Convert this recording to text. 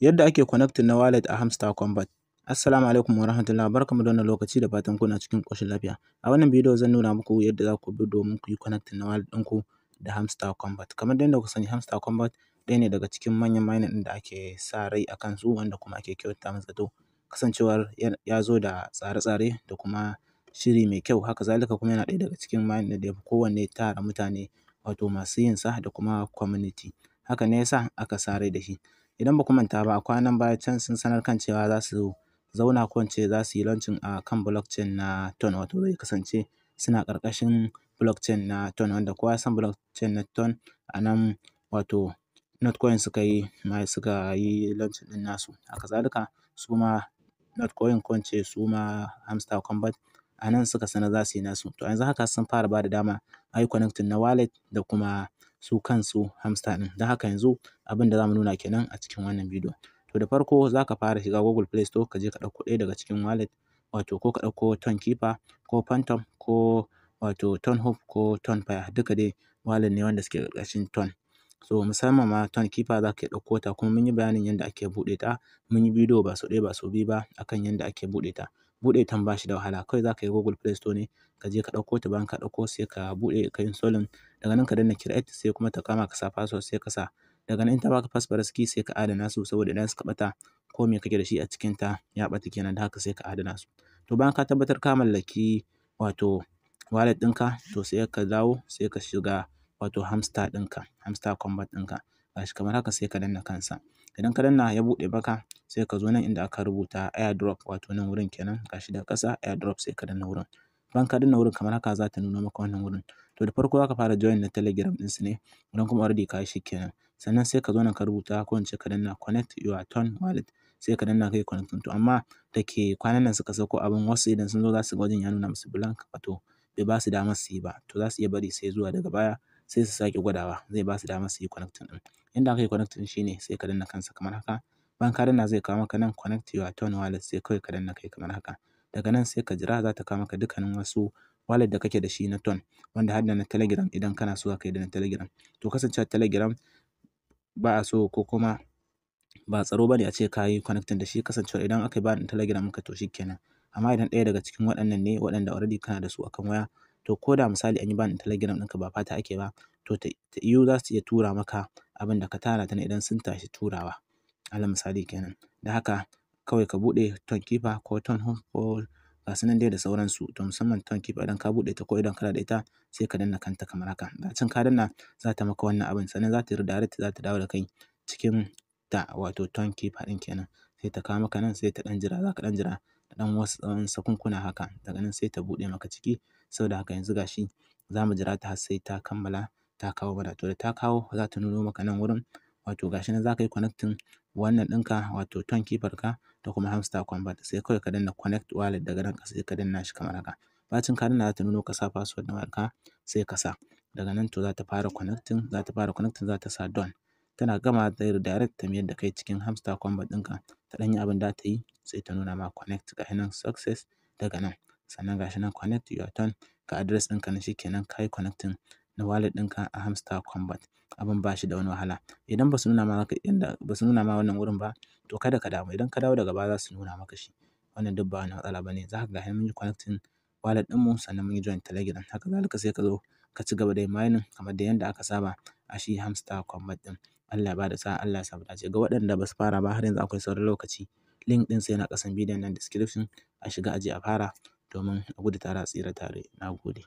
Yadda ake connecting na wallet a Hamster Combat. Assalamu alaikum wa barkamu da wannan lokaci da fatan kuna cikin koshin lafiya. A wannan bidiyo zan nuna muku yadda za ku bi domin ku yi connecting na wallet ɗinku da Hamster Combat. Kamar dai yadda ku sani Hamster Combat ɗaya ne daga cikin manyan mining ɗin da ake sa rai a su wanda kuma ake kyautata musu zato. Kasancewar ya zo da tsare-tsare da kuma shiri mai kyau haka zalika kuma yana ɗaya daga cikin mining da ya fi kowanne tara mutane wato masu yin sa da kuma community. Haka ne yasa aka sa rai da shi. Idan ba ku manta ba a kwanan baya can sun sanar kan cewa za su zauna ko ce za su yi launching a kan blockchain na Ton wato zai kasance suna ƙarƙashin blockchain na Ton wanda kowa san blockchain na Ton a nan wato Notcoin suka yi ma suka yi launching din nasu. a kazalika su ma Notcoin ko ce su ma Hamster Combat a nan suka sanar za su yi nasu. To yanzu haka sun fara ba da dama a yi connecting na wallet da kuma su kansu hamster ɗin. Don haka yanzu abin da za mu nuna kenan a cikin wannan bidiyo. To da farko za ka fara shiga Google Play Store ka je ka ɗauko ɗaya daga cikin wallet wato ko ka ɗauko Ton Keeper ko Phantom ko wato Ton Hope ko Ton Pair duka dai wallet ne wanda suke ƙarƙashin Ton. So musamman ma ton kifa za ka iya ɗauko ta kuma mun yi bayanin yadda ake buɗe ta. Mun yi bidiyo ba sau ɗaya ba sau biyu ba akan yadda ake buɗe ta. Buɗe ta ba shi da wahala. Kawai za ka yi Google Play Store ne ka je ka ɗauko ta bayan ka ɗauko sai ka buɗe ka installing. Daga nan ka danna create sai kuma ta kama ka sa password sai ka sa. Daga nan in ta baka password key sai ka adana su saboda idan suka ɓata ko me kake da shi a cikin ta ya ɓata kenan da haka sai ka adana su. To bayan ka tabbatar ka mallaki wato wallet ɗinka to sai ka dawo sai ka shiga wato hamster ɗinka, hamster combat ɗinka. shi kamar haka sai ka danna kansa. Idan ka danna ya buɗe baka sai ka zo nan inda aka rubuta airdrop wato nan wurin kenan ga shi da ƙasa airdrop sai ka danna wurin. Bayan ka danna wurin kamar haka za ta nuna maka wannan wurin. To da farko za ka fara join na Telegram su ne idan kuma already ka shi kenan. Sannan sai ka zo nan ka rubuta ko in ce ka danna connect your Ton wallet sai ka danna kai connecting. To amma da ke kwanan nan suka sako abin wasu idan sun zo za su ga wajen ya nuna musu blank wato bai ba su damar su yi ba. To za su iya bari sai zuwa daga baya. sai su sake gwadawa zai ba su dama su yi connecting ɗin. Inda aka yi connecting shine sai ka danna kansa kamar haka. Bayan ka danna zai kawo maka nan connect your Tone wallet sai kawai ka danna kai kamar haka. Daga nan sai ka jira za ta kawo maka dukkanin wasu wallet da kake da shi na Tone wanda har da na Telegram idan kana so ka yi da na Telegram. To kasancewa Telegram ba a so ko kuma ba tsaro bane ce ka yi connecting da shi kasancewa idan aka yi ba na Telegram ka to kenan Amma idan ɗaya daga cikin waɗannan ne waɗanda already kana da su akan waya to ko da misali an yi ban telegram ɗinka ba fata ake ba to ta yiwu za su iya tura maka abin da ka tara ta idan sun tashi turawa. Alal misali kenan. Da haka kawai ka buɗe ton kifa ko ton home ko gasu nan dai da sauransu. To musamman ton kifa idan ka buɗe ta ko idan kana da ita sai ka danna kanta kamar haka. cin ka danna za ta maka wannan abin sannan za ta yi direct za ta dawo da kai cikin ta wato ton kifa ɗin kenan. Sai ta kawo maka nan sai ta ɗan jira za ka ɗan jira. ɗan wasu ɗan sakunkuna haka daga nan sai ta buɗe maka ciki saboda haka yanzu gashi za mu jira ta har sai ta kammala ta kawo mana to da ta kawo za ta nuno maka nan wurin wato gashi nan za ka yi connecting wannan ɗinka wato ton kifar ka da kuma hamster convert sai kawai ka danna connect wallet daga nan sai ka danna shi kamar haka bacin ka danna za ta nuno ka sa password ɗin ka sai ka sa daga nan to za ta fara connecting za ta fara connecting za ta sa don Tana gama ta yadda ta mayar da kai cikin hamster combat ɗinka. Ta yi abin da ta yi sai ta nuna ma connect ga nan success daga nan. Sannan ga shi nan connect your turn ga address ɗinka na shi kenan ka yi connecting na wallet ɗinka a hamster combat. Abin ba shi da wani wahala. Idan ba su nuna ma wannan wurin ba to kada ka damu. Idan ka dawo daga baya za su nuna maka shi. Wannan duk ba wani matsala ba ne. Za ka ga mun yi connecting wallet mu sannan mun yi join Telegram. Haka zalika sai ka zo ka ci gaba da mining kamar da yadda aka saba a shi hamster combat ɗin. Allah ba da sa'a Allah ya sa dace. Ga waɗanda ba su fara ba har yanzu akwai sauran lokaci. Link sai yana ƙasan bidiyon nan description a shiga a a fara domin a gudu tare a tsira tare. Na gode.